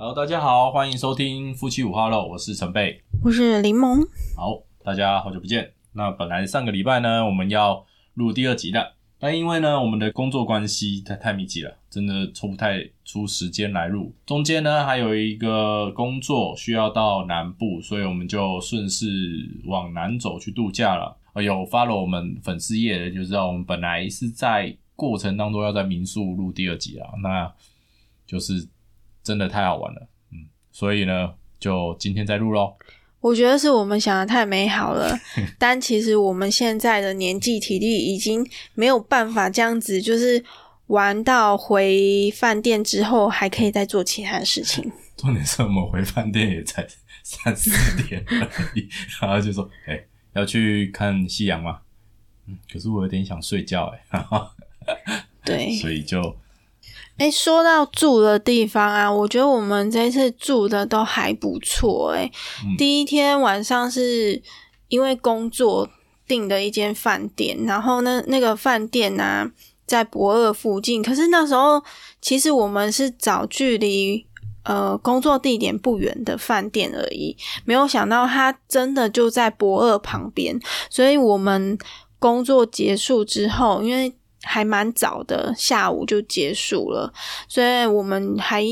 Hello，大家好，歡迎收聽夫妻五花肉，我是陳貝，我是檸檬。好，大家好久不見。那本來上個禮拜呢，我們要錄第二集的，但因為呢，我們的工作關係太太密集了，真的抽不太出時間來錄。中間呢，還有一個工作需要到南部，所以我們就順勢往南走去度假了。有 follow 我們粉絲頁的就知道，我們本來是在過程當中要在民宿錄第二集了。那就是。真的太好玩了，嗯，所以呢，就今天再錄嘍。我覺得是我們想的太美好了， 但其實我們現在的年紀、體力已經沒有辦法這樣子，就是玩到回飯店之後還可以再做其他的事情。重點是我們回飯店也才三四點而已， 然後就說：“哎、欸，要去看夕陽嗎？”嗯，可是我有點想睡覺哎、欸， 對，所以就。誒，說到住的地方啊，我覺得我們這次住的都還不錯誒。誒、嗯、第一天晚上是因為工作訂的一間飯店，然後那那個飯店呢、啊、在博二附近，可是那時候其實我們是找距離呃工作地點不遠的飯店而已，沒有想到它真的就在博二旁邊，所以我們工作結束之後，因為。還蠻早的，下午就結束了，所以我們還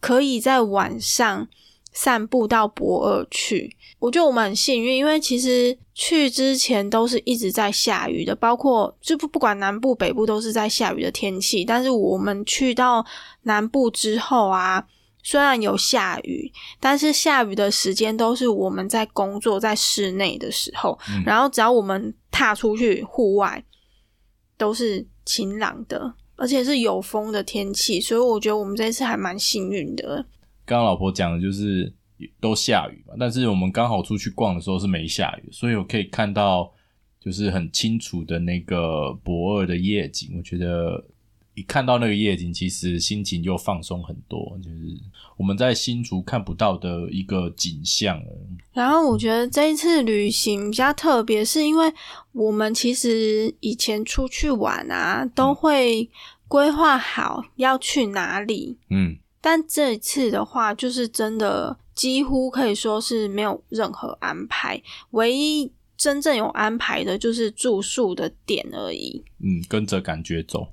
可以在晚上散步到博爾去。我覺得我們很幸運，因為其實去之前都是一直在下雨的，包括就不不管南部北部都是在下雨的天氣。但是我們去到南部之後啊，雖然有下雨，但是下雨的時間都是我們在工作在室內的時候、嗯，然後只要我們踏出去戶外。都是晴朗的，而且是有風的天氣，所以我覺得我們這次還蠻幸運的。剛剛老婆講的就是都下雨嘛，但是我們剛好出去逛的時候是沒下雨，所以我可以看到就是很清楚的那個博爾的夜景，我覺得。看到那個夜景，其實心情就放鬆很多，就是我們在新竹看不到的一個景象哦。然後我覺得這一次旅行比較特別，是因為我們其實以前出去玩啊，都會規劃好要去哪裡。嗯，但這一次的話，就是真的幾乎可以說是沒有任何安排，唯一真正有安排的就是住宿的點而已。嗯，跟着感覺走。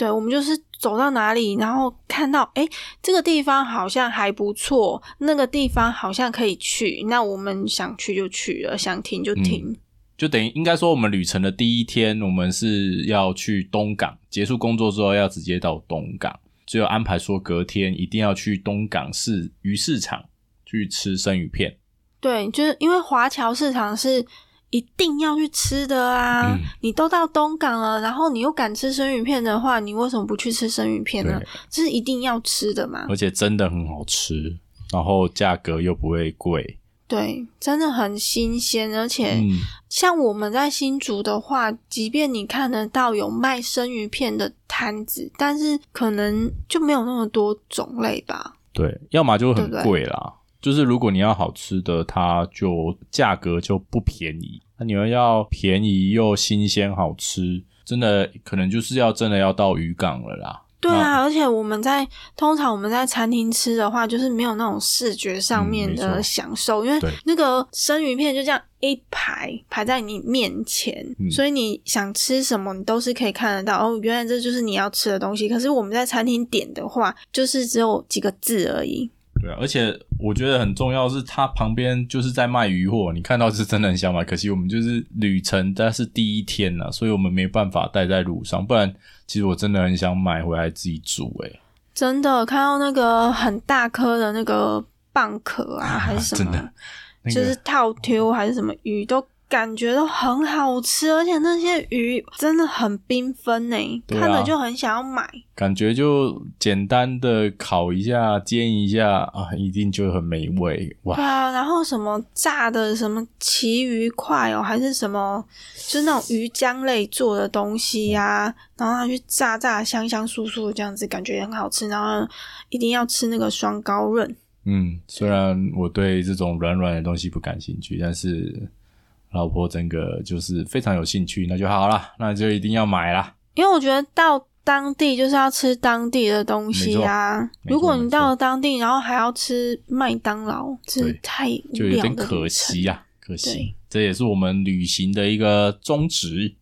對，我們就是走到哪裡，然後看到哎、欸，這個地方好像還不錯，那個地方好像可以去，那我們想去就去了，想停就停，嗯、就等於應該說，我們旅程的第一天，我們是要去東港，結束工作之後要直接到東港，只有安排說隔天一定要去東港市魚市場去吃生魚片。對，就是因為華僑市場是。一定要去吃的啊、嗯！你都到東港了，然後你又敢吃生魚片的話，你為什麼不去吃生魚片呢？這是一定要吃的嘛！而且真的很好吃，然後價格又不會貴。對，真的很新鮮，而且、嗯、像我們在新竹的話，即便你看得到有賣生魚片的攤子，但是可能就沒有那麼多種類吧。對，要麼就很貴啦。對對對。就是如果你要好吃的，它就價格就不便宜。那、啊、你要要便宜又新鮮好吃，真的可能就是要真的要到漁港了啦。對啊，而且我們在通常我們在餐廳吃的話，就是沒有那種視覺上面的享受，嗯、因為那個生魚片就這樣一排排在你面前、嗯，所以你想吃什麼，你都是可以看得到。哦，原來這就是你要吃的東西。可是我們在餐廳點的話，就是只有幾個字而已。對啊，而且我覺得很重要的是它旁邊就是在賣魚貨，你看到是真的很想買，可惜我們就是旅程，但是第一天啊，所以我們沒辦法帶在路上，不然其實我真的很想買回來自己煮。哎，真的看到那個很大顆的那個蚌殼啊，啊，還是什麼，真的那個、就是套丟還是什麼魚都。感覺都很好吃，而且那些魚真的很繽紛呢，看着就很想要買。感覺就簡單的烤一下、煎一下啊，一定就很美味哇！對啊，然後什麼炸的什麼旗魚塊哦，還是什麼就是那種魚漿類做的東西呀、啊嗯，然後它去炸炸，香香酥酥這樣子，感覺也很好吃。然後一定要吃那個雙糕潤，嗯，雖然我對這種軟軟的東西不感興趣，但是。老婆整個就是非常有興趣，那就好啦，那就一定要買啦。因為我覺得到當地就是要吃當地的東西啊。如果你到了當地，然後還要吃麥當勞，真是太的太無聊了。就有點可惜啊可惜，可惜。這也是我們旅行的一個宗旨，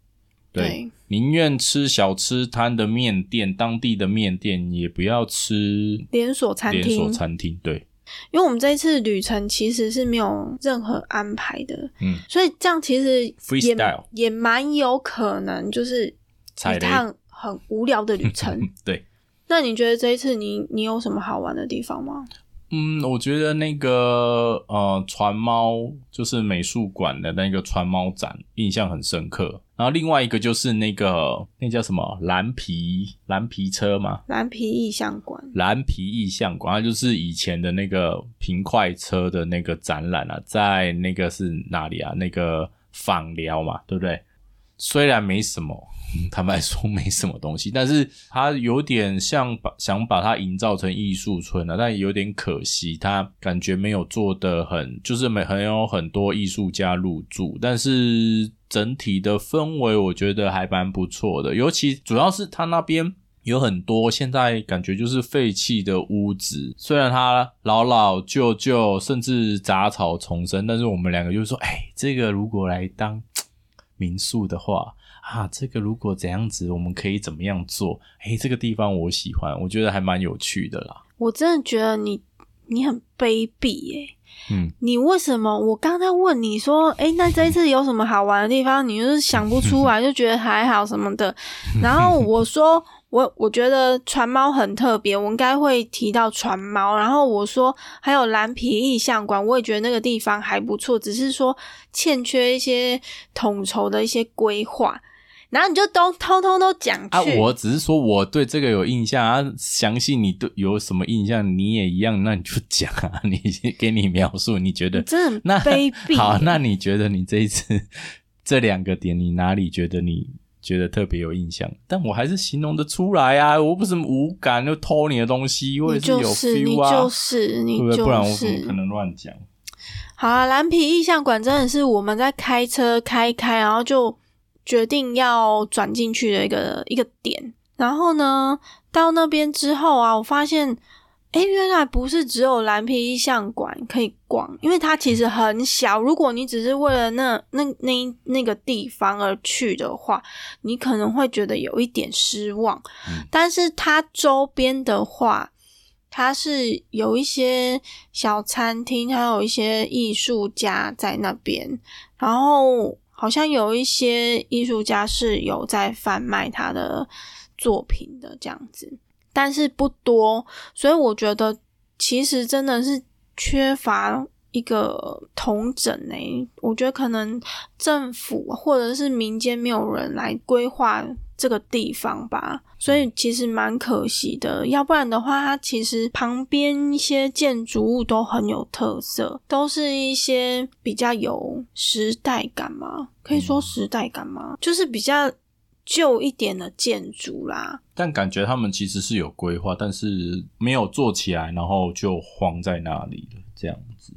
對，寧願吃小吃攤的麵店，當地的麵店，也不要吃連鎖餐廳。連鎖餐廳，對。因為我們這一次旅程其實是沒有任何安排的，嗯，所以這樣其實也 freestyle 也蠻有可能就是一趟很無聊的旅程。 對，那你覺得這一次你你有什麼好玩的地方嗎？嗯，我覺得那個呃，船貓就是美術館的那個船貓展，印象很深刻。然後另外一個就是那個那叫什麼藍皮藍皮車嘛，藍皮意象館，藍皮意象館，它就是以前的那個平快車的那個展覽啊，在那個是哪裡啊？那個枋寮嘛，對不對？雖然沒什麼，坦白說沒什麼東西，但是它有點像把想把它營造成藝術村了，啊，但有點可惜，它感覺沒有做得很，就是沒很有很多藝術家入住，但是整體的氛圍我覺得還蠻不錯的，尤其主要是它那邊有很多現在感覺就是廢棄的屋子，雖然它老老舊舊，甚至雜草叢生，但是我們兩個就是說，哎，這個如果來當。民宿的話啊，這個如果怎樣子，我們可以怎麼樣做？誒、欸、這個地方我喜歡，我覺得還蠻有趣的啦。我真的覺得你你很卑鄙、欸，耶。嗯，你為什麼？我剛才問你說，誒、欸、那這一次有什麼好玩的地方？你就是想不出來，就覺得還好什麼的。 然後我說。我我覺得船貓很特別，我應該會提到船貓。然後我說還有藍皮意象館，我也覺得那個地方還不錯，只是說欠缺一些統籌的一些規劃。然後你就都偷偷都講去啊。我只是說我對這個有印象啊，詳細你對有什麼印象，你也一樣，那你就講啊，你給你描述，你覺得你的卑鄙那的那好？那你覺得你這一次這兩個點，你哪裡覺得你？覺得特別有印象，但我還是形容得出來啊！我不是無感就偷你的東西，我也是有 feel 啊！你就是你，就是你就是對不對，不然我怎麼可能亂講。好啊，藍皮意象館真的是我們在開車開開，然後就決定要轉進去的一個一個點。然後呢，到那邊之後啊，我發現。誒、欸、原來不是只有藍皮意象館可以逛，因為它其實很小。如果你只是為了那那那那個地方而去的話，你可能會覺得有一點失望。嗯、但是它周邊的話，它是有一些小餐廳，還有一些藝術家在那邊。然後好像有一些藝術家是有在販賣他的作品的這樣子。但是不多，所以我覺得其實真的是缺乏一個統整呢、欸。我覺得可能政府或者是民間沒有人來規劃這個地方吧，所以其實蠻可惜的。要不然的話，它其實旁邊一些建築物都很有特色，都是一些比較有時代感嘛，可以說時代感嗎，就是比較。舊一點的建築啦，但感覺他們其實是有規劃，但是沒有做起來，然後就荒在那裡了。這樣子，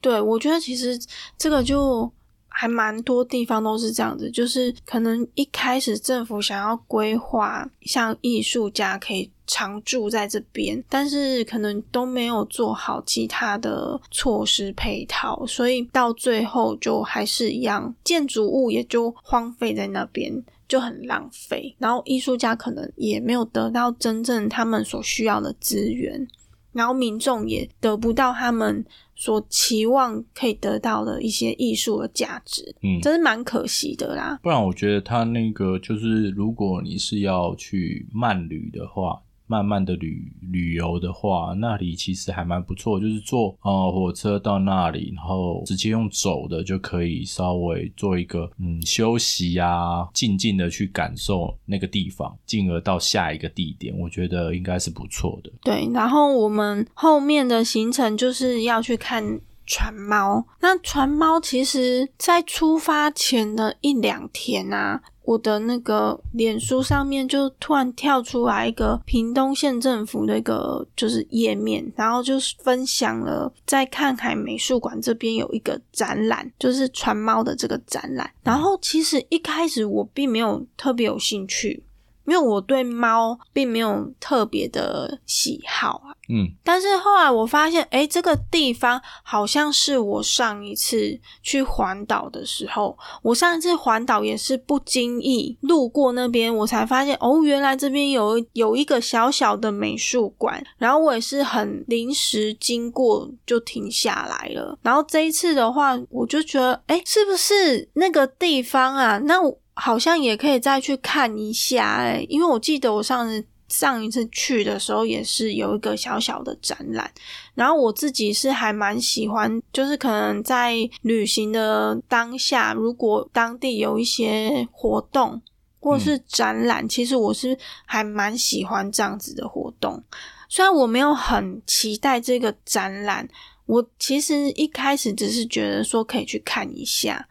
對，我覺得其實這個就還蠻多地方都是這樣子，就是可能一開始政府想要規劃，像藝術家可以常住在這邊，但是可能都沒有做好其他的措施配套，所以到最後就還是一樣，建築物也就荒廢在那邊。就很浪費，然後藝術家可能也沒有得到真正他們所需要的資源，然後民眾也得不到他們所期望可以得到的一些藝術的價值，嗯，真是蠻可惜的啦。不然我覺得他那個就是，如果你是要去漫旅的話。慢慢的旅旅遊的話，那裡其實還蠻不錯，就是坐呃、哦、火車到那裡，然後直接用走的就可以稍微做一個嗯休息啊，靜靜的去感受那個地方，進而到下一個地點，我覺得應該是不錯的。對，然後我們後面的行程就是要去看船貓。那船貓其實在出發前的一兩天啊。我的那個臉書上面，就突然跳出來一個屏東縣政府的一個就是頁面，然後就是分享了在看海美術館這邊有一個展覽，就是船貓的這個展覽。然後其實一開始我並沒有特別有興趣。因為我對貓並沒有特別的喜好啊，嗯，但是後來我發現，誒，這個地方好像是我上一次去環島的時候，我上一次環島也是不經意路過那邊，我才發現哦，原來這邊有有一個小小的美術館，然後我也是很臨時經過就停下來了，然後這一次的話，我就覺得，誒，是不是那個地方啊？那我。好像也可以再去看一下哎、欸，因為我記得我上次上一次去的時候也是有一個小小的展覽，然後我自己是還蠻喜歡，就是可能在旅行的當下，如果當地有一些活動或是展覽、嗯，其實我是還蠻喜歡這樣子的活動。雖然我沒有很期待這個展覽，我其實一開始只是覺得說可以去看一下。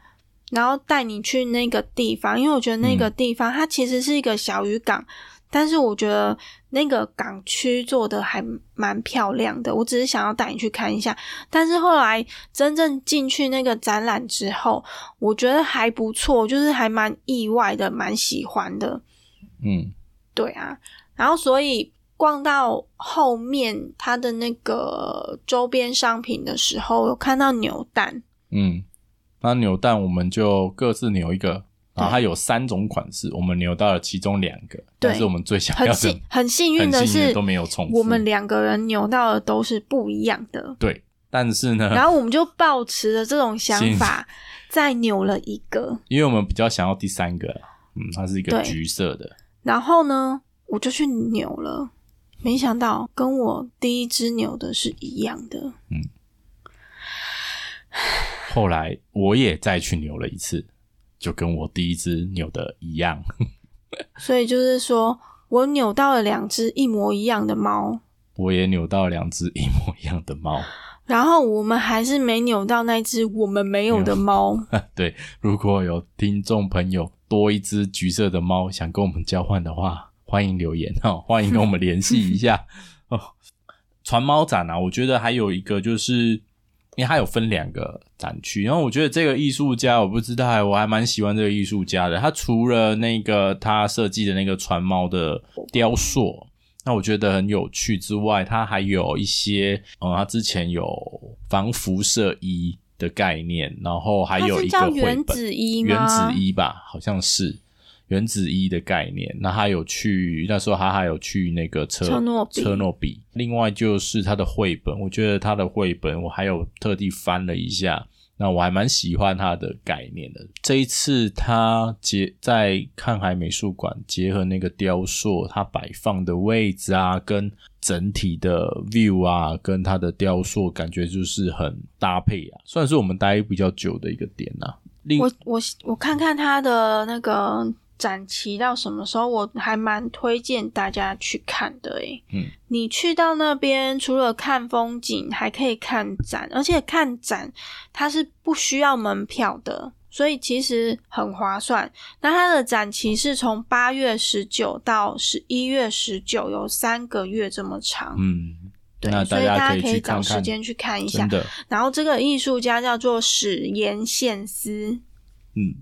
然後帶你去那個地方，因為我覺得那個地方、嗯、它其實是一個小漁港，但是我覺得那個港區做的還蠻漂亮的。我只是想要帶你去看一下，但是後來真正進去那個展覽之後，我覺得還不錯，就是還蠻意外的，蠻喜歡的。嗯，對啊。然後所以逛到後面它的那個周邊商品的時候，有看到扭蛋。嗯。那扭蛋我們就各自扭一個，然後它有三種款式，我們扭到了其中兩個，但是我們最想要的。很幸很幸運的是都沒有重複，我們兩個人扭到的都是不一樣的。對，但是呢，然後我們就抱持着這種想法，再扭了一個，因為我們比較想要第三個，嗯，它是一個橘色的。然後呢，我就去扭了，沒想到跟我第一隻扭的是一樣的，嗯。後來我也再去扭了一次，就跟我第一只扭的一樣。 所以就是說我扭到了兩只一模一樣的貓。我也扭到兩只一模一樣的貓。然後我們還是沒扭到那只我們沒有的貓。 對，如果有聽眾朋友多一只橘色的貓想跟我們交換的話，歡迎留言哦，歡迎跟我們聯繫一下 哦。船貓展啊，我覺得還有一個就是。因為它有分兩個展區，然後我覺得這個藝術家，我不知道，我還蠻喜歡這個藝術家的。他除了那個他設計的那個船貓的雕塑，那我覺得很有趣之外，他還有一些，嗯，他之前有防輻射衣的概念，然後還有一個叫原子衣，原子衣吧，好像是。原子一的概念，那他有去那時候，他還有去那個車諾車諾比，另外就是他的繪本，我覺得他的繪本，我還有特地翻了一下，那我還蠻喜歡他的概念的。這一次他結在看海美術館結合那個雕塑，他擺放的位置啊，跟整體的 view 啊，跟他的雕塑，感覺就是很搭配啊，算是我們待一比較久的一個點啊，另，我我我看看他的那個。展期到什麼時候？我還蠻推薦大家去看的哎。嗯，你去到那邊除了看風景，還可以看展，而且看展它是不需要門票的，所以其實很划算。那它的展期是從八月十九到十一月十九，嗯，有三個月這麼長。嗯，對，那大家可以去看看，所以大家可以找時間去看一下。然後這個藝術家叫做史延憲斯。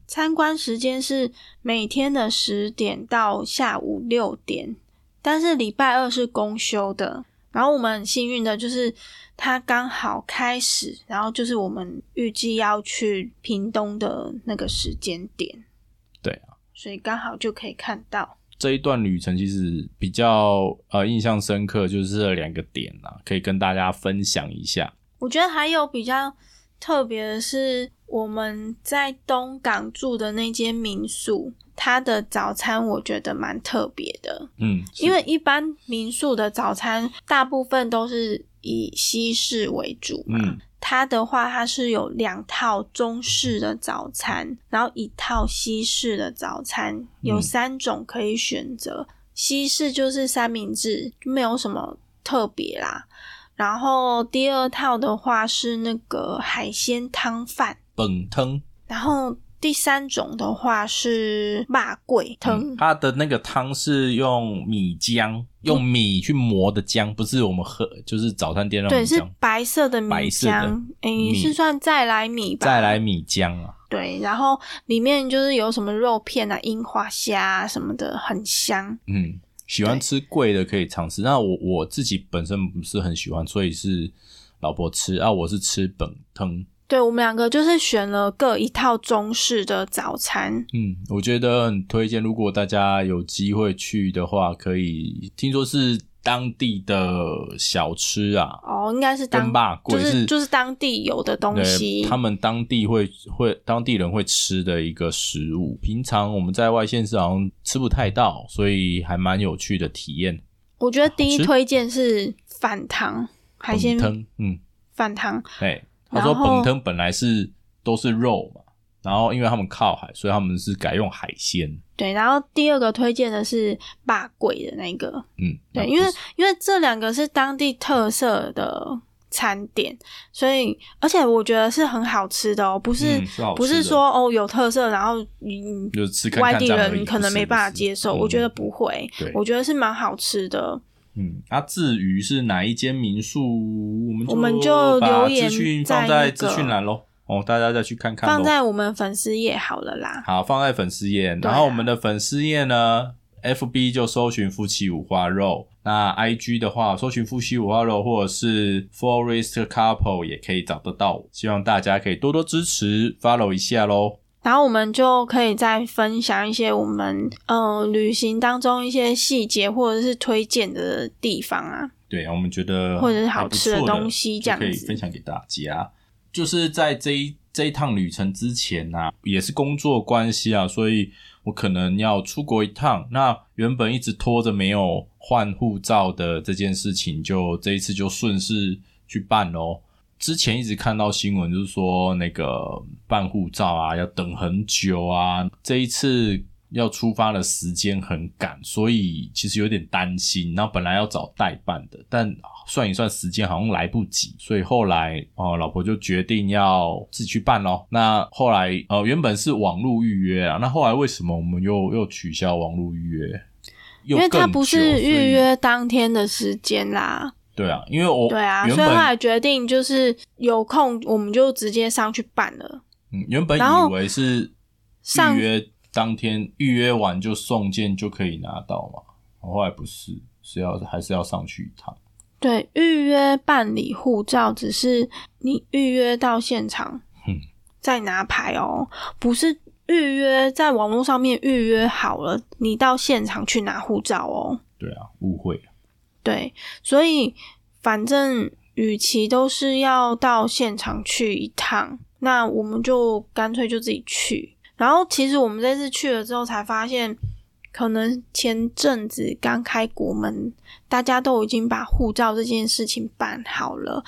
參觀時間是每天的十點到下午六點，但是禮拜二是公休的。然後我們很幸運的就是它剛好開始，然後就是我們預計要去屏東的那個時間點。對啊，所以剛好就可以看到這一段旅程，其實比較呃印象深刻，就是這兩個點啊，可以跟大家分享一下。我覺得還有比較特別的是。我們在東港住的那間民宿，它的早餐我覺得蠻特別的。嗯，因為一般民宿的早餐大部分都是以西式為主嘛。嗯，它的話它是有兩套中式的早餐，然後一套西式的早餐，有三種可以選擇。嗯，西式就是三明治，就沒有什麼特別啦。然後第二套的話是那個海鮮湯飯。本湯，然後第三種的話是肉粿湯。嗯，它的那個湯是用米漿，用米去磨的漿，不是我們喝，就是早餐店那種。對，是白色的米漿，誒、欸，是算再來米吧米？再來米漿啊，對。然後裡面就是有什麼肉片啊、櫻花蝦、啊、什麼的，很香。嗯，喜歡吃貴的可以嘗試。那我我自己本身不是很喜歡，所以是老婆吃啊，我是吃本湯。對我們兩個就是選了各一套中式的早餐。嗯，我覺得很推薦，如果大家有機會去的話，可以聽說是當地的小吃啊。哦，應該是當吧，就是，是就是當地有的東西，他們當地會會當地人會吃的一個食物。平常我們在外縣市好像吃不太到，所以還蠻有趣的體驗。我覺得第一推薦是飯湯海鮮湯，嗯，飯湯，對、欸。他說：本湯本來是都是肉嘛，然後因為他們靠海，所以他們是改用海鮮。對，然後第二個推薦的是霸桂的那個，嗯，對，因為因為這兩個是當地特色的餐點，所以而且我覺得是很好吃的哦，不是，嗯，是，不是說哦有特色，然後嗯，就是，外地人可能沒辦法接受，是是，嗯，我覺得不會，我覺得是蠻好吃的。嗯，那、啊、至於是哪一間民宿，我們就把資訊放在資訊欄咯哦，大家再去看看。放在我們粉絲頁好了啦。好，放在粉絲頁。然後我們的粉絲頁呢、啊、F B 就搜尋夫妻五花肉，那 I G 的話，搜尋夫妻五花肉或者是 Forest Couple 也可以找得到。希望大家可以多多支持，follow 一下嘍然後我們就可以再分享一些我們嗯、呃、旅行當中一些細節，或者是推薦的地方啊。對，我們覺得或者是好吃的東西，這樣子可以分享給大家。就是在這一這一趟旅程之前呢、啊，也是工作關係啊，所以我可能要出國一趟。那原本一直拖着沒有換護照的這件事情就，就這一次就順勢去辦嘍。之前一直看到新聞，就是說那個辦護照啊，要等很久啊。這一次要出發的時間很趕，所以其實有點擔心。然後本來要找代辦的，但算一算時間，好像來不及，所以後來哦、呃，老婆就決定要自己去辦咯。那後來呃，原本是網絡預約啊，那後來為什麼我們又又取消網絡預約？因為他不是預約當天的時間啦。對啊，因為我對啊，所以後來決定就是有空我們就直接上去辦了。嗯，原本以為是預約當天預約完就送件就可以拿到嘛，我後來不是是要還是要上去一趟。對，預約辦理護照，只是你預約到現場，哼，再拿牌哦，不是預約在網絡上面預約好了，你到現場去拿護照哦。對啊，誤會。對，所以反正與其都是要到現場去一趟，那我們就乾脆就自己去。然後其實我們這次去了之後才發現。可能前陣子剛開國門，大家都已經把護照這件事情辦好了，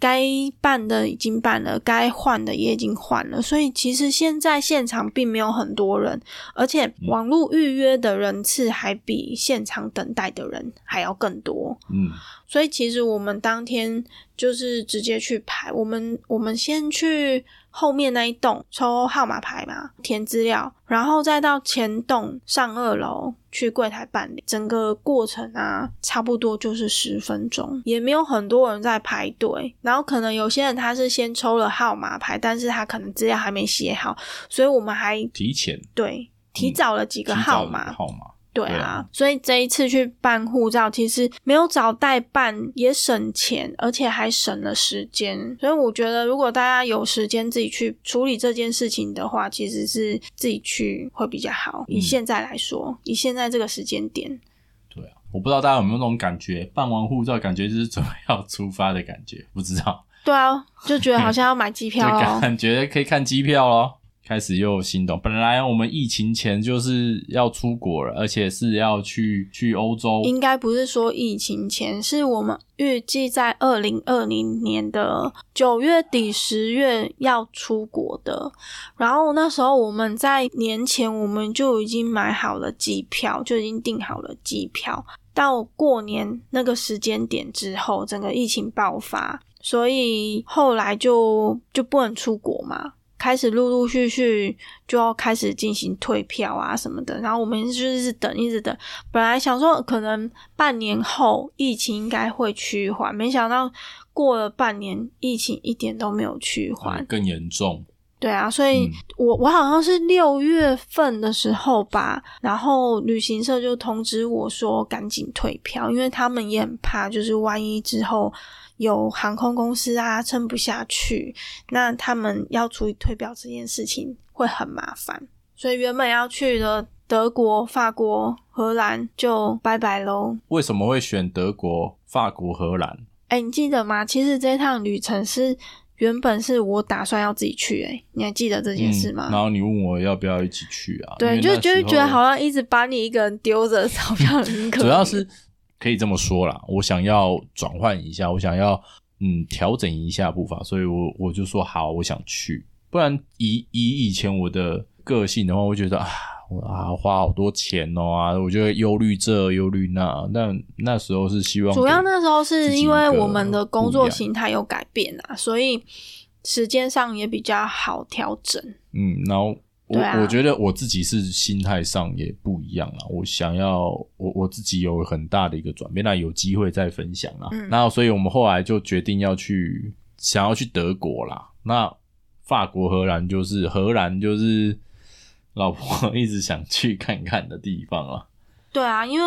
該辦的已經辦了，該換的也已經換了，所以其實現在現場並沒有很多人，而且網絡預約的人次還比現場等待的人還要更多。嗯，所以其實我們當天就是直接去排，我們我們先去，後面那一棟抽號碼牌嘛，填資料，然後再到前棟上二樓去櫃台辦理，整個過程啊，差不多就是十分鐘，也沒有很多人在排隊。然後可能有些人他是先抽了號碼牌，但是他可能資料還沒寫好，所以我們還提前，對，提早了幾個號碼，號碼。對啊，對啊，所以這一次去辦護照，其實沒有找代辦也省錢，而且還省了時間。所以我覺得，如果大家有時間自己去處理這件事情的話，其實是自己去會比較好。以現在來說，嗯，以現在這個時間點，對啊，我不知道大家有沒有那種感覺，辦完護照感覺就是準備要出發的感覺，不知道。對啊，就覺得好像要買機票了， 感覺可以看機票咯。開始又心動。本來我們疫情前就是要出國了，而且是要去去歐洲。應該不是說疫情前，是我們預計在二零二零年的九月底十月要出國的。然後那時候我們在年前我們就已經買好了機票，就已經訂好了機票。到過年那個時間點之後，整個疫情爆發，所以後來就就不能出國嘛。開始陸陸續續就要開始進行退票啊，什麼的，然後我們就一直等一直等。本來想說可能半年後疫情應該會趨緩，沒想到過了半年，疫情一點都沒有趨緩，更嚴重。對啊，所以我我好像是六月份的時候吧、嗯，然後旅行社就通知我說趕緊退票，因為他們也很怕，就是萬一之後。有航空公司啊，撐不下去，那他們要處理退票這件事情會很麻煩，所以原本要去的德國、法國、荷蘭就拜拜嘍。為什麼會選德國、法國、荷蘭？哎、欸，你記得嗎？其實這趟旅程是原本是我打算要自己去、欸，哎，你還記得這件事嗎、嗯？然後你問我要不要一起去啊？對，就就是、覺得好像一直把你一個人丟着，好像很可憐。主要是。可以這麼說啦，我想要轉換一下，我想要嗯調整一下步伐，所以我我就說好，我想去，不然以以以前我的個性的話，我覺得啊我啊花好多錢哦啊，我就會憂慮這憂慮那，但那時候是希望主要那時候是因為我們的工作形態有改變啊，所以時間上也比較好調整，嗯，然後。我、啊、我覺得我自己是心態上也不一樣啊。我想要我我自己有很大的一個轉變，那有機會再分享啦，嗯。那所以我們後來就決定要去，想要去德國啦。那法國荷蘭，就是，荷蘭就是荷蘭就是老婆一直想去看看的地方啊。對啊，因為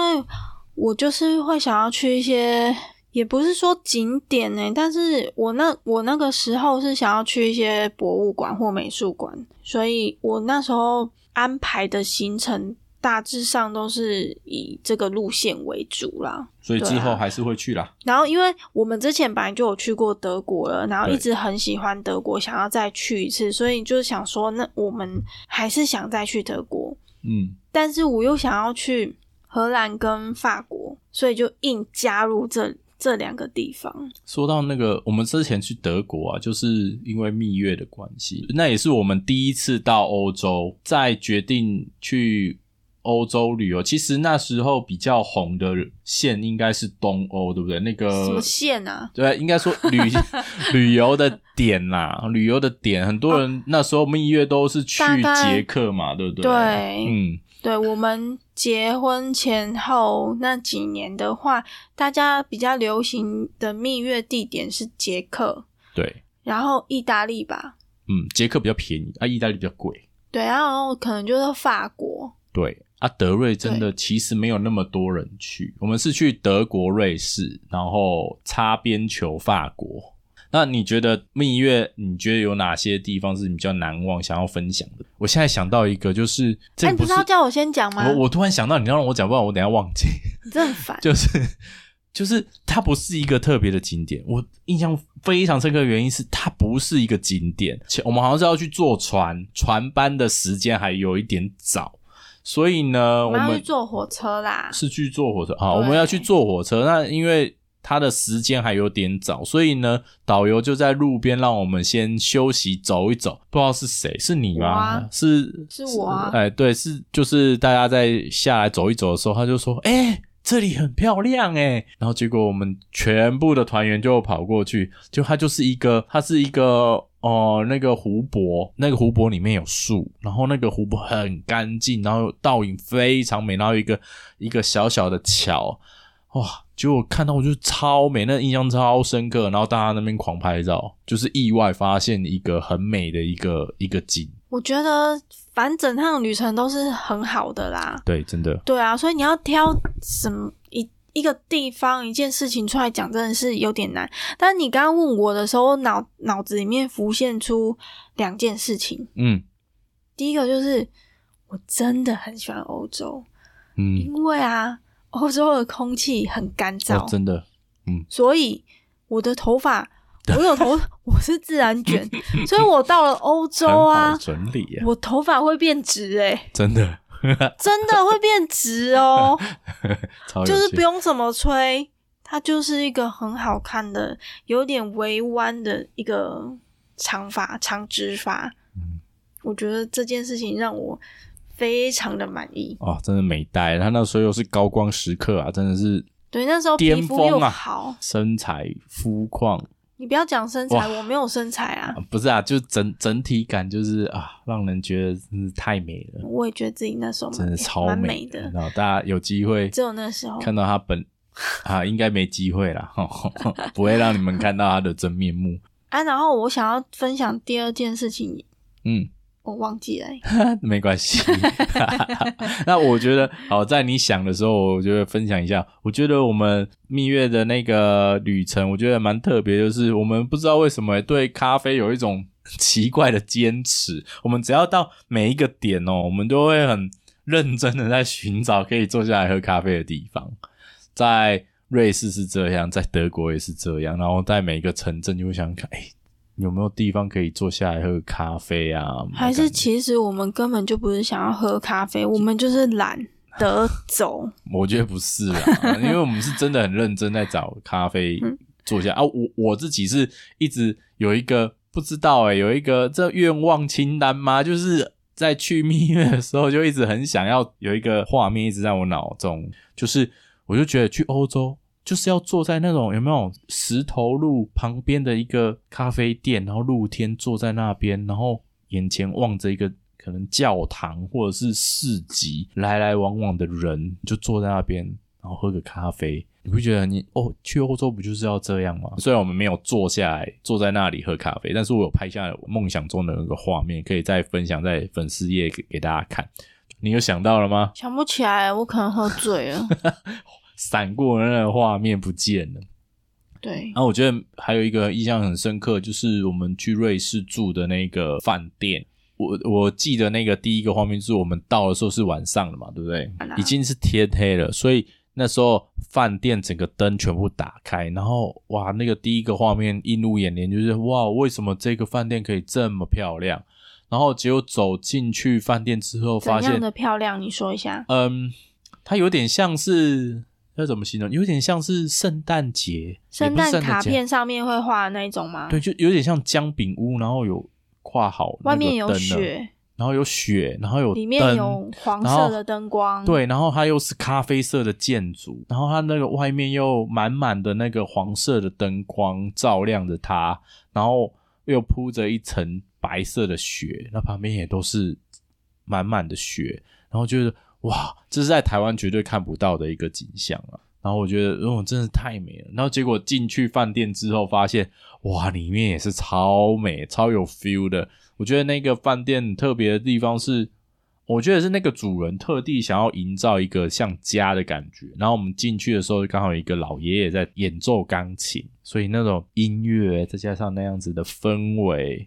我就是會想要去一些。也不是說景點呢，欸，但是我那我那個時候是想要去一些博物館或美術館，所以我那時候安排的行程大致上都是以這個路線為主啦。所以之後還是會去啦。啊，然後因為我們之前本來就有去過德國了，然後一直很喜歡德國，想要再去一次，所以就是想說，那我們還是想再去德國。嗯。但是我又想要去荷蘭跟法國，所以就硬加入這裡這兩個地方，說到那個，我們之前去德國啊，就是因為蜜月的關係，那也是我們第一次到歐洲，再決定去歐洲旅遊。其實那時候比較紅的線應該是東歐，對不對？那個什麼線啊？對，應該說旅 旅遊的點啦，旅遊的點，很多人那時候蜜月都是去捷克嘛，對不對？對，嗯。對我們結婚前後那幾年的話，大家比較流行的蜜月地點是捷克，對，然後意大利吧，嗯，捷克比較便宜啊，意大利比較貴，對，然後可能就是法國，對啊，德瑞真的其實沒有那麼多人去，我們是去德國、瑞士，然後擦邊球法國。那你覺得蜜月，你覺得有哪些地方是比較難忘，想要分享的？我現在想到一個，就是，這個不是欸、你不是要叫我先講嗎我？我突然想到你讓我講，不然我等下忘記，你真煩。 就是，就是它不是一個特別的景點，我印象非常深刻的原因是它不是一個景點。我們好像是要去坐船，船班的時間還有一點早，所以呢，我們要去坐火車啦。是去坐火車啊？好，我們要去坐火車，那因為。他的時間還有點早，所以呢，導遊就在路邊讓我們先休息走一走。不知道是誰，是你嗎？啊、是是，是我啊。哎、欸，對，是就是大家在下來走一走的時候，他就說：“哎、欸，這裡很漂亮誒、欸。”然後結果我們全部的團員就跑過去，就他就是一個，他是一個哦、呃，那個湖泊，那個湖泊裡面有樹，然後那個湖泊很乾淨，然後倒影非常美，然後一個一個小小的橋，哇。就看到，我就超美，那個、印象超深刻。然後大家那邊狂拍照，就是意外發現一個很美的一個一個景。我覺得，反正整趟旅程都是很好的啦。對，真的。對啊，所以你要挑什麼一一個地方一件事情出來講，真的是有點難。但你剛剛問我的時候，腦腦子裡面浮現出兩件事情。嗯，第一個就是我真的很喜歡歐洲，嗯，因為啊。歐洲的空氣很乾燥，哦，真的，嗯，所以我的頭髮，我有頭， 我是自然卷， 所以我到了歐洲啊，整理、啊，我頭髮會變直，欸，誒真的， 真的會變直哦， 就是不用怎麼吹，它就是一個很好看的，有點微彎的一個長髮長直髮，嗯，我覺得這件事情讓我。非常的滿意哦，真的美呆了！他那時候又是高光時刻啊，真的是對那時候巔峰啊，皮膚又好，身材膚況，你不要講身材，我沒有身材啊，啊不是啊，就整整體感就是啊，讓人覺得真是太美了。我也覺得自己那時候真的超美的，美的，然後大家有機會只有那時候看到他本啊，應該沒機會了，呵呵 不會讓你們看到他的真面目。啊然後我想要分享第二件事情，嗯。我忘記了、欸， 沒關係係。 那我覺得，好，在你想的時候，我就會分享一下。我覺得我們蜜月的那個旅程，我覺得蠻特別，就是我們不知道為什麼對咖啡有一種奇怪的堅持。我們只要到每一個點哦、喔，我們都會很認真的在尋找可以坐下來喝咖啡的地方。在瑞士是這樣，在德國也是這樣，然後在每一個城鎮就會想看，哎、欸，有沒有地方可以坐下來喝咖啡啊？還是其實我們根本就不是想要喝咖啡，我們就是懶得走。 我覺得不是啦， 因為我們是真的很認真在找咖啡坐下，嗯，啊，我我自己是一直有一個不知道誒、欸、有一個這願望清單嗎？就是在去蜜月的時候就一直很想要有一個畫面，一直在我腦中，就是我就覺得去歐洲。就是要坐在那種有沒有石頭路旁邊的一個咖啡店，然後露天坐在那邊，然後眼前望着一個可能教堂或者是市集來來往往的人，就坐在那邊，然後喝個咖啡，你會覺得你哦去歐洲不就是要這樣嗎？雖然我們沒有坐下來坐在那裡喝咖啡，但是我有拍下來我夢想中的那個畫面，可以再分享在粉絲頁給給大家看。你有想到了嗎？想不起來，我可能喝醉了。 閃過的那個畫面不見了，對。然、啊、後我覺得還有一個印象很深刻，就是我們去瑞士住的那個飯店，我我記得那個第一個畫面是我們到的時候是晚上的嘛，對不對？啊、已經是天黑了，所以那時候飯店整個燈全部打開，然後哇，那個第一個畫面映入眼簾就是哇，為什麼這個飯店可以這麼漂亮？然後結果走進去飯店之後發現，發怎樣的漂亮？你說一下。嗯、呃，它有點像是。那怎麼形容？有點像是聖誕節，聖誕卡片上面會畫的那一種嗎？對，就有點像薑餅屋，然後有畫好那，外面有雪，然後有雪，然後有裡面有黃色的燈光，對，然後它又是咖啡色的建築，然後它那個外面又滿滿的那個黃色的燈光照亮着它，然後又鋪着一層白色的雪，那旁邊也都是滿滿的雪，然後就是。哇，這是在台灣絕對看不到的一個景象啊！然後我覺得，哦，真的是太美了。然後結果進去飯店之後，發現哇，裡面也是超美、超有 feel 的。我覺得那個飯店特別的地方是，我覺得是那個主人特地想要營造一個像家的感覺。然後我們進去的時候，剛好有一個老爺爺在演奏鋼琴，所以那種音樂再加上那樣子的氛圍，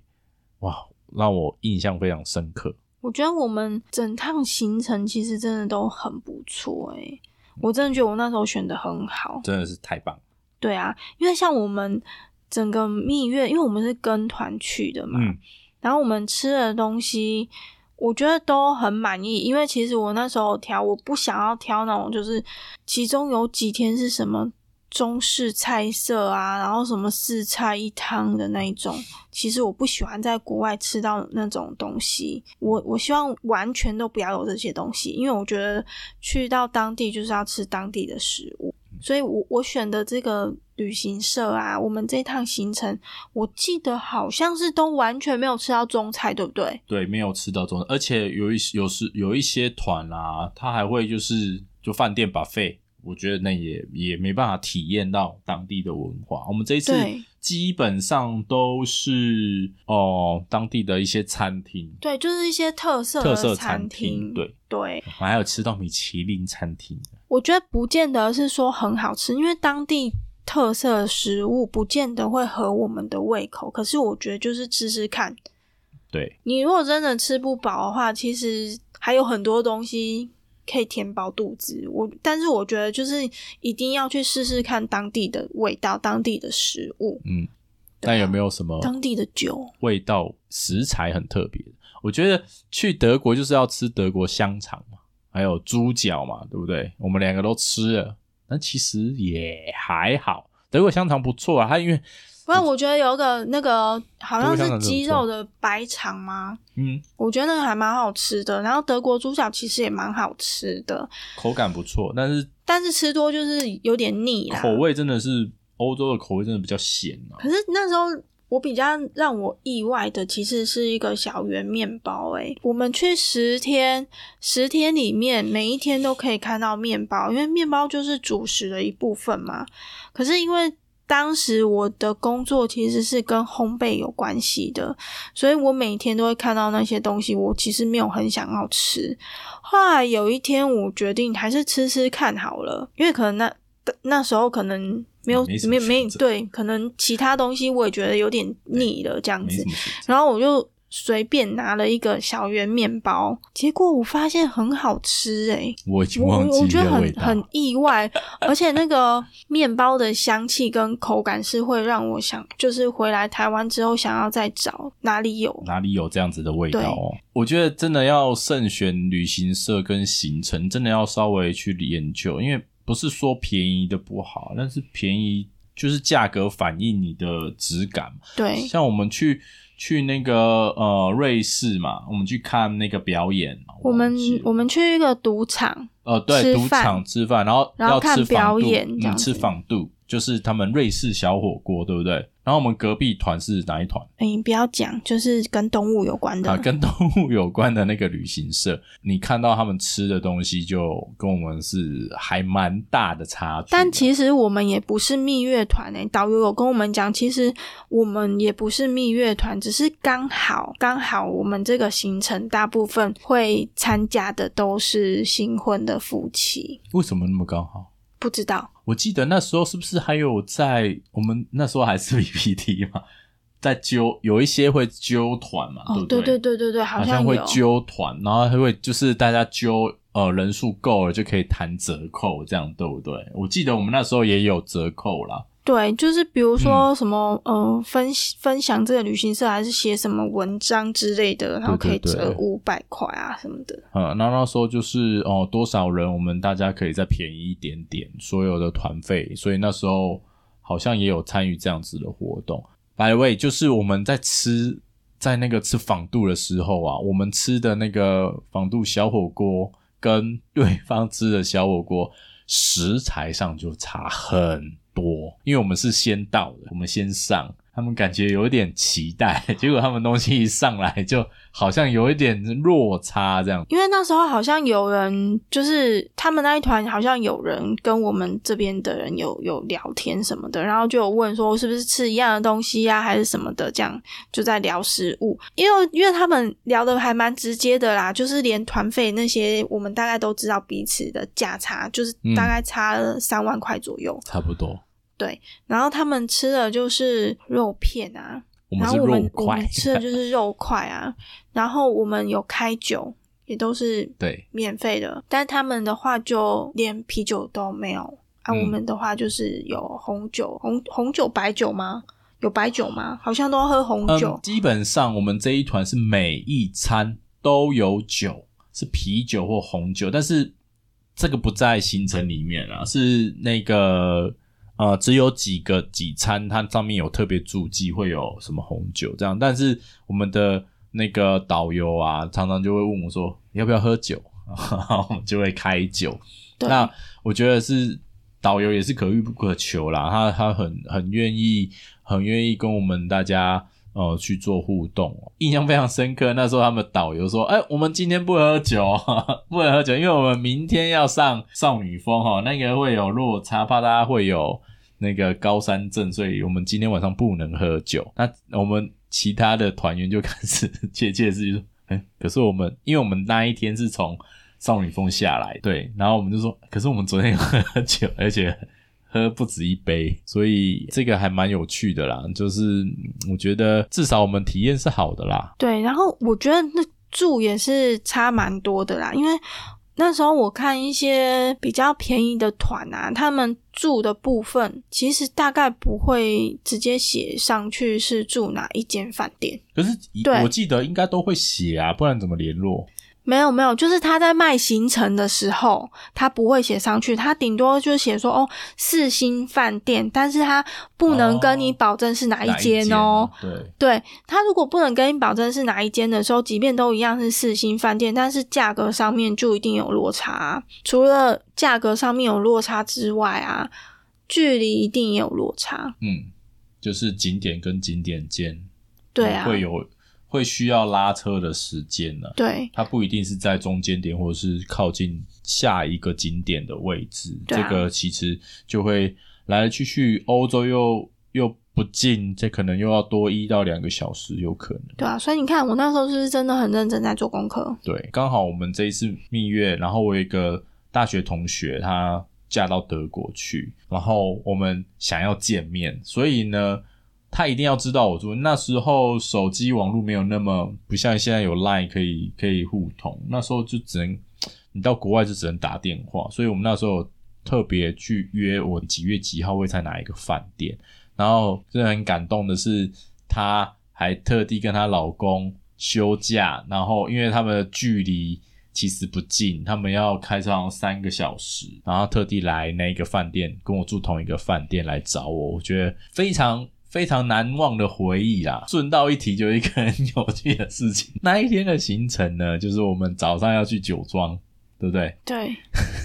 哇，讓我印象非常深刻。我覺得我們整趟行程其實真的都很不錯誒、欸、我真的覺得我那時候選的很好，真的是太棒。對啊，因為像我們整個蜜月，因為我們是跟團去的嘛、嗯，然後我們吃的東西我覺得都很滿意，因為其實我那時候挑，我不想要挑那種就是其中有幾天是什麼。中式菜色啊，然後什麼四菜一湯的那一種，其實我不喜歡在國外吃到那種東西。我我希望完全都不要有這些東西，因為我覺得去到當地就是要吃當地的食物。所以我我選的這個旅行社啊，我們這一趟行程，我記得好像是都完全沒有吃到中菜，對不對？對，沒有吃到中菜，而且有一有時有，有一些團啊，他還會就是就飯店 buffet。我覺得那也也沒辦法體驗到當地的文化。我們這一次基本上都是哦、呃、當地的一些餐廳，對，就是一些特色的餐廳特色餐廳，對對。還有吃到米其林餐廳，我覺得不見得是說很好吃，因為當地特色食物不見得會合我們的胃口。可是我覺得就是吃吃看，對，你如果真的吃不飽的話，其實還有很多東西。可以填飽肚子，我但是我覺得就是一定要去試試看當地的味道、當地的食物。嗯、那、啊、有沒有什麼當地的酒？味道、食材很特別的。我覺得去德國就是要吃德國香腸嘛，還有豬腳嘛，對不對？我們兩個都吃了，但其實也還好。德國香腸不錯啊，它因為。不,不，我覺得有一個那個好像是雞肉的白腸嗎？嗯，我覺得那個還蠻好吃的。然後德國豬腳其實也蠻好吃的，口感不錯，但是但是吃多就是有點膩。口味真的是歐洲的口味，真的比較鹹啊。可是那時候我比較讓我意外的，其實是一個小圓面包欸。哎，我們去十天，十天裡面每一天都可以看到面包，因為麵包就是主食的一部分嘛。可是因為。當時我的工作其實是跟烘焙有關係的，所以我每天都會看到那些東西。我其實沒有很想要吃。後來有一天，我決定還是吃吃看好了，因為可能那那時候可能沒有沒沒沒，對，可能其他東西我也覺得有點膩了這樣子。然後我就。隨便拿了一個小圓麵包，結果我發現很好吃哎、欸！我已經忘記味道。我，我覺得很很意外， 而且那個麵包的香氣跟口感是會讓我想，就是回來台灣之後想要再找哪裡有哪裡有這樣子的味道。喔。哦。對，我覺得真的要慎選旅行社跟行程，真的要稍微去研究，因為不是說便宜的不好，但是便宜就是價格反映你的質感。對，像我們去。去那個呃瑞士嘛，我們去看那個表演。我們我們去一個賭場，呃對，賭場吃飯，然後要然後看表演，吃仿度、嗯、吃仿度，就是他們瑞士小火鍋，對不對？然後我們隔壁團是哪一團？哎、嗯，你不要講，就是跟動物有關的。啊，跟動物有關的那個旅行社，你看到他們吃的東西就跟我們是還蠻大的差距的。但其實我們也不是蜜月團哎、欸，導遊有跟我們講，其實我們也不是蜜月團，只是剛好剛好我們這個行程大部分會參加的都是新婚的夫妻。為什麼那麼剛好？不知道，我記得那時候是不是還有在我們那時候還是 PPT 嘛，在揪有一些會揪團嘛，哦對不對，對對對對對，好像,好像會揪團，然後會就是大家揪呃人數夠了就可以談折扣，這樣對不對？我記得我們那時候也有折扣啦。對，就是比如說什麼、嗯、呃，分分享這個旅行社，還是寫什麼文章之類的，對對對，然後可以折五百塊啊什麼的。嗯，那那時候就是哦，多少人我們大家可以再便宜一點點，所有的團費。所以那時候好像也有參與這樣子的活動。By the way，就是我們在吃在那個吃仿肚的時候啊，我們吃的那個仿肚小火鍋跟對方吃的小火鍋食材上就差很。多，因為我們是先到的，我們先上，他們感覺有一點期待，結果他們東西一上來，就好像有一點落差這樣。因為那時候好像有人，就是他們那一團好像有人跟我們這邊的人有有聊天什麼的，然後就有問說，是不是吃一樣的東西啊，還是什麼的，這樣就在聊食物。因為因為他們聊的還蠻直接的啦，就是連團費那些，我們大概都知道彼此的價差，就是大概差了三萬塊左右。嗯，差不多。對，然後他們吃的就是肉片啊，然後我們， 我們吃的就是肉塊啊，然後我們有開酒，也都是對免費的，但他們的話就連啤酒都沒有啊。我們的話就是有紅酒，嗯、紅紅酒白酒嗎？有白酒嗎？好像都要喝紅酒，嗯。基本上我們這一團是每一餐都有酒，是啤酒或紅酒，但是這個不在行程裡面啊，是那個。呃，只有幾個幾餐，它上面有特別注記，會有什麼紅酒這樣。但是我們的那個導遊啊，常常就會問我說，要不要喝酒？然後我們就會開酒。那我覺得是導遊也是可遇不可求啦，他他很很願意，很願意跟我們大家呃去做互動，印象非常深刻。那時候他們導遊說，哎、欸，我們今天不喝酒，呵呵不能喝酒，因為我們明天要上少女峰哦、喔，那個會有落差，怕大家會有。那個高山鎮，所以我們今天晚上不能喝酒。那我們其他的團員就開始竊竊私語說，欸：“可是我們，因為我們那一天是從少女峰下來，對，然後我們就說，可是我們昨天有喝酒，而且喝不止一杯，所以這個還蠻有趣的啦。就是我覺得至少我們體驗是好的啦。對，然後我覺得那住也是差蠻多的啦，因為。那時候我看一些比較便宜的團啊，他們住的部分其實大概不會直接寫上去是住哪一間飯店。可是我記得應該都會寫啊，不然怎麼聯絡？沒有沒有，就是他在賣行程的時候，他不會寫上去，他頂多就寫說哦，四星飯店，但是他不能跟你保證是哪一間哦。哦，哪一間，對，對，他如果不能跟你保證是哪一間的時候，即便都一樣是四星飯店，但是價格上面就一定有落差。除了價格上面有落差之外啊，距離一定也有落差。嗯，就是景點跟景點間，對啊會有。會需要拉車的時間呢、啊？對，它不一定是在中間點，或者是靠近下一個景點的位置。對啊，這個其實就會來來去去，歐洲又又不近，這可能又要多一到兩個小時，有可能。對啊，所以你看，我那時候是不是真的很認真在做功課？對，剛好我們這一次蜜月，然後我有一個大學同學，她嫁到德國去，然後我們想要見面，所以呢。他一定要知道我住，那時候手機網絡沒有那麼不像現在有 Line 可以可以互通，那時候就只能你到國外就只能打電話，所以我們那時候特別去約我幾月幾號會在哪一個飯店，然後真的很感動的是，她還特地跟她老公休假，然後因為他們的距離其實不近，他們要開車三個小時，然後特地來那個飯店跟我住同一個飯店來找我，我覺得非常。非常難忘的回憶啦！順道一提，就一個很有趣的事情。那一天的行程呢，就是我們早上要去酒莊，對不對？對。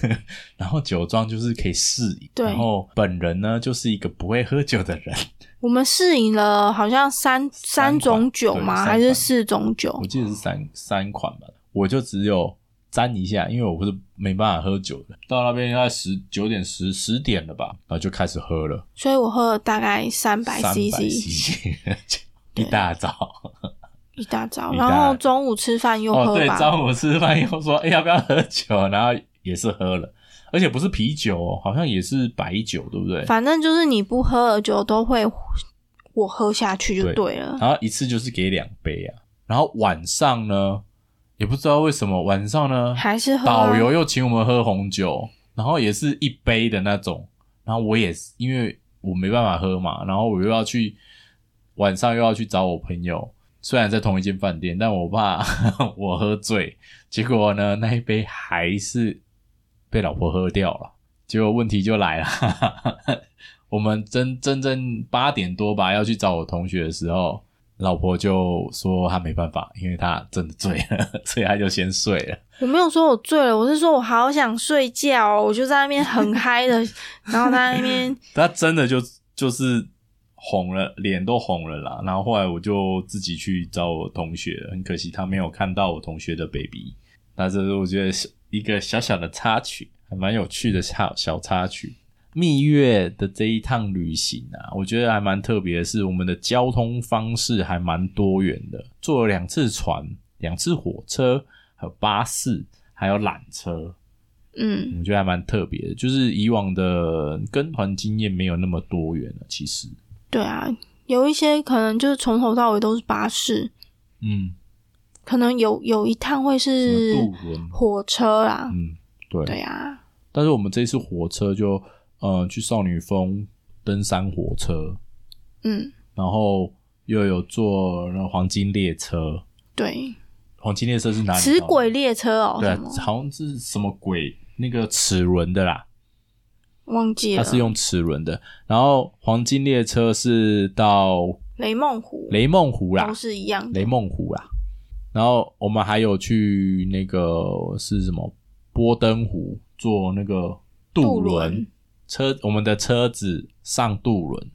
然後酒莊就是可以試飲。對。然後本人呢，就是一個不會喝酒的人。我們試飲了好像三三種酒嗎？還是四種酒？我記得是三三款吧。我就只有。沾一下，因為我不是沒辦法喝酒的。到那邊應該十九點十十點了吧，然後就開始喝了。所以我喝了大概三百 CC，一大早，一大早，然後中午吃飯又喝、哦。對，中午吃飯又說、欸、要不要喝酒，然後也是喝了，而且不是啤酒，好像也是白酒，對不對？反正就是你不喝了酒都會，我喝下去就對了。對，然後一次就是給兩杯啊，然後晚上呢？也不知道為什麼晚上呢，還是、啊、導遊又請我們喝紅酒，然後也是一杯的那種。然後我也是因為我沒辦法喝嘛，然後我又要去晚上又要去找我朋友，雖然在同一間飯店，但我怕呵呵我喝醉。結果呢，那一杯還是被老婆喝掉了。結果問題就來了，呵呵我們真真正八點多吧，要去找我同學的時候。老婆就說他沒辦法，因為他真的醉了，所以他就先睡了。我沒有說我醉了，我是說我好想睡覺哦，我就在那邊很嗨的， 然後他那邊他真的就就是紅了，臉都紅了啦。然後後來我就自己去找我同學，很可惜他沒有看到我同學的 baby。但是我覺得一個小小的插曲，還蠻有趣的小小插曲。蜜月的這一趟旅行啊，我覺得還蠻特別的是，我們的交通方式還蠻多元的，坐了兩次船、兩次火車還有巴士，還有纜車嗯。嗯，我覺得還蠻特別的，就是以往的跟團經驗沒有那麼多元了啊，其實，對啊，有一些可能就是從頭到尾都是巴士。嗯，可能有有一趟會是火車啦。嗯，對，對啊。但是我們這次火車就。嗯，去少女峰登山火車，嗯，然後又有坐那黃金列車，對，黃金列車是哪裡？齒軌列車哦，對，好像是什麼軌那個齒輪的啦，忘記了，它是用齒輪的。然後黃金列車是到雷夢湖，雷夢湖啦，都是一樣的雷夢湖啦。然後我們還有去那個是什麼波登湖坐那個渡輪，車，我們的車子上渡輪，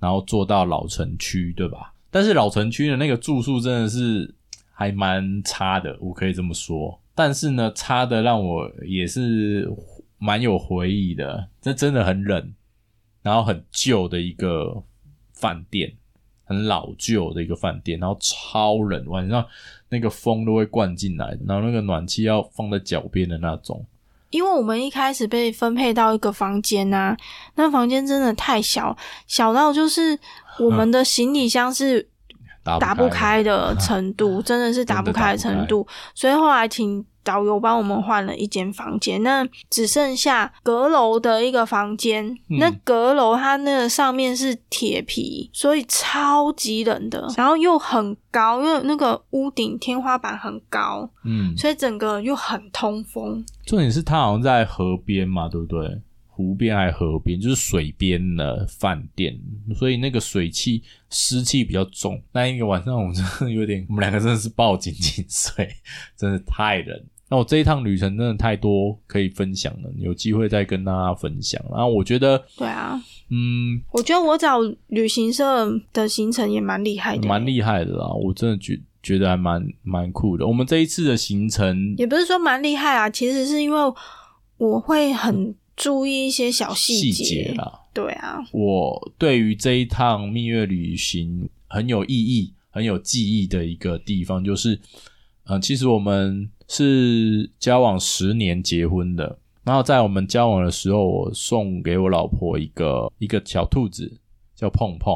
然後坐到老城區，對吧？但是老城區的那個住宿真的是還蠻差的，我可以這麼說。但是呢，差的讓我也是蠻有回憶的。這真的很冷，然後很舊的一個飯店，很老舊的一個飯店，然後超冷，晚上那個風都會灌進來，然後那個暖氣要放在腳邊的那種。因為我們一開始被分配到一個房間吶，那房間真的太小，小到就是我們的行李箱是打不開的程度，真的是打不開的程度，所以後來挺。導遊幫我們換了一間房間，那只剩下閣樓的一個房間，嗯。那閣樓它那個上面是鐵皮，所以超級冷的。然後又很高，因為那個屋頂天花板很高，嗯，所以整個又很通風。重點是它好像在河邊嘛，對不對？湖邊還河邊，就是水邊的飯店，所以那個水汽濕氣比較重。那一個晚上，我們真的有點，我們兩個真的是抱緊緊睡，真的太冷。那我這一趟旅程真的太多可以分享了，有機會再跟大家分享。然後我覺得，對啊，嗯，我覺得我找旅行社的行程也蠻厲害的，蠻厲害的啦。我真的覺覺得還蠻蠻酷的。我們這一次的行程也不是說蠻厲害啊，其實是因為我會很注意一些小細節啦。對啊，我對於這一趟蜜月旅行很有意義、很有記憶的一個地方就是。嗯，其實我們是交往十年結婚的。然後在我們交往的時候，我送給我老婆一個一個小兔子，叫碰碰。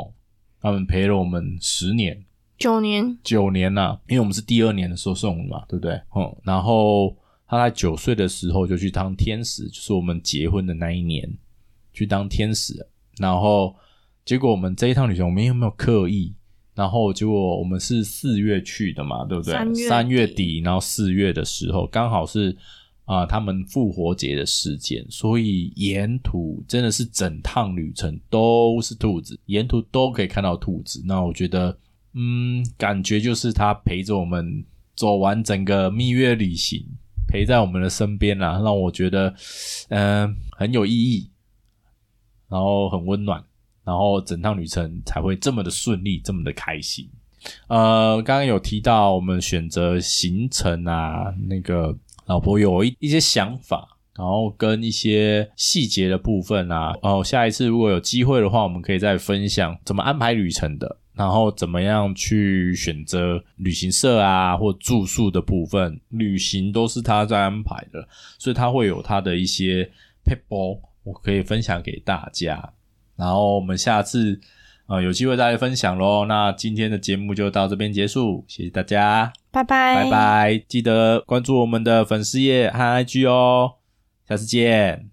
他們陪了我們十年，九年，九年吶、啊。因為我們是第二年的時候送的嘛，對不對？嗯。然後他在九歲的時候就去當天使，就是我們結婚的那一年去當天使。然後結果我們這一趟旅行，我們有沒有刻意？然後結果我們是四月去的嘛，對不對？三月底，三月底然後四月的時候，剛好是啊、呃，他們復活節的時間，所以沿途真的是整趟旅程都是兔子，沿途都可以看到兔子。那我覺得，嗯，感覺就是它陪着我們走完整個蜜月旅行，陪在我們的身邊啊，讓我覺得嗯、呃、很有意義，然後很溫暖。然後整趟旅程才會這麼的順利，這麼的開心。呃，剛剛有提到我們選擇行程啊，那個老婆有一一些想法，然後跟一些細節的部分啊。哦，下一次如果有機會的話，我們可以再分享怎麼安排旅程的，然後怎麼樣去選擇旅行社啊，或住宿的部分，旅行都是他在安排的，所以他會有他的一些撇步，我可以分享給大家。然後我們下次啊、呃、有機會再分享嘍。那今天的節目就到這邊結束，謝謝大家，拜拜拜拜，記得關注我們的粉絲頁和 IG 哦，下次見。